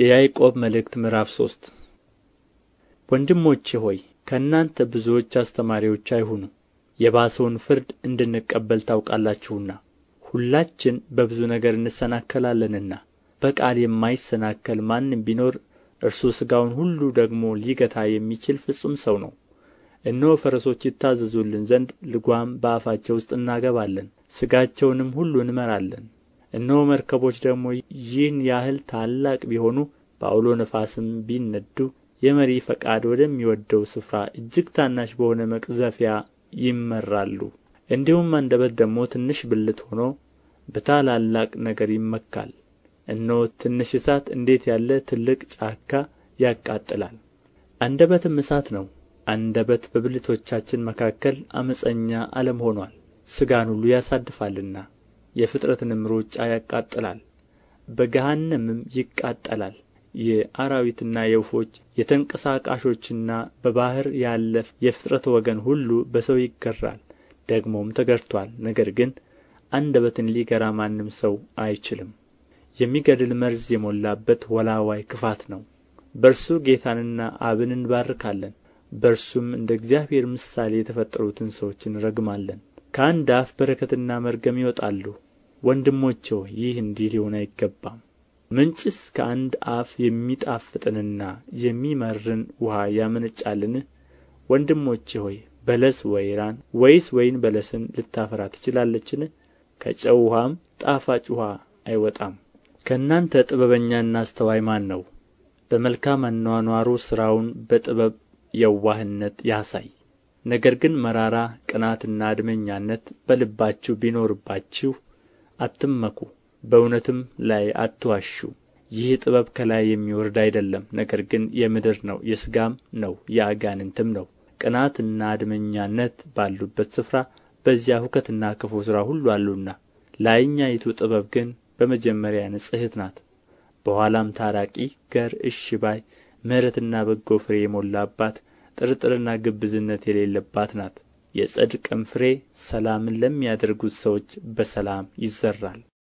የያዕቆብ መልእክት ምዕራፍ ሶስት ወንድሞቼ ሆይ ከእናንተ ብዙዎች አስተማሪዎች አይሁኑ፣ የባሰውን ፍርድ እንድንቀበል ታውቃላችሁና። ሁላችን በብዙ ነገር እንሰናከላለንና በቃል የማይሰናከል ማንም ቢኖር እርሱ ሥጋውን ሁሉ ደግሞ ሊገታ የሚችል ፍጹም ሰው ነው። እነሆ ፈረሶች ይታዘዙልን ዘንድ ልጓም በአፋቸው ውስጥ እናገባለን፣ ሥጋቸውንም ሁሉ እንመራለን እነሆ መርከቦች ደግሞ ይህን ያህል ታላቅ ቢሆኑ በዐውሎ ነፋስም ቢነዱ የመሪ ፈቃድ ወደሚወደው ስፍራ እጅግ ታናሽ በሆነ መቅዘፊያ ይመራሉ እንዲሁም አንደበት ደግሞ ትንሽ ብልት ሆኖ በታላላቅ ነገር ይመካል እነሆ ትንሽ እሳት እንዴት ያለ ትልቅ ጫካ ያቃጥላል አንደበትም እሳት ነው አንደበት በብልቶቻችን መካከል አመፀኛ ዓለም ሆኖአል ሥጋን ሁሉ ያሳድፋልና የፍጥረትንም ሩጫ ያቃጥላል በገሃነምም ይቃጠላል የአራዊትና የወፎች የተንቀሳቃሾችና በባሕር ያለ የፍጥረት ወገን ሁሉ በሰው ይገራል ደግሞም ተገርቶአል ነገር ግን አንደበትን ሊገራ ማንም ሰው አይችልም የሚገድል መርዝ የሞላበት ወላዋይ ክፋት ነው በእርሱ ጌታንና አብን እንባርካለን በእርሱም እንደ እግዚአብሔር ምሳሌ የተፈጠሩትን ሰዎች እንረግማለን ከአንድ አፍ በረከትና መርገም ይወጣሉ ወንድሞች ሆይ ይህ እንዲህ ሊሆን አይገባም ምንጭስ ከአንድ አፍ የሚጣፍጥንና የሚመርን ውሃ ያመነጫልን ወንድሞቼ ሆይ በለስ ወይራን ወይስ ወይን በለስን ልታፈራ ትችላለችን ከጨው ውሃም ጣፋጭ ውሃ አይወጣም ከእናንተ ጥበበኛና አስተዋይ ማን ነው በመልካም አኗኗሩ ሥራውን በጥበብ የዋህነት ያሳይ ነገር ግን መራራ ቅናትና አድመኛነት በልባችሁ ቢኖርባችሁ አትመኩ በእውነትም ላይ አትዋሹ ይህ ጥበብ ከላይ የሚወርድ አይደለም ነገር ግን የምድር ነው የሥጋም ነው የአጋንንትም ነው ቅናትና አድመኛነት ባሉበት ስፍራ በዚያ ሁከትና ክፉ ሥራ ሁሉ አሉና ላይኛይቱ ጥበብ ግን በመጀመሪያ ንጽሕት ናት በኋላም ታራቂ ገር እሽባይ ምሕረትና በጎ ፍሬ የሞላባት ጥርጥርና ግብዝነት የሌለባት ናት የጽድቅም ፍሬ ሰላምን ለሚያደርጉት ሰዎች በሰላም ይዘራል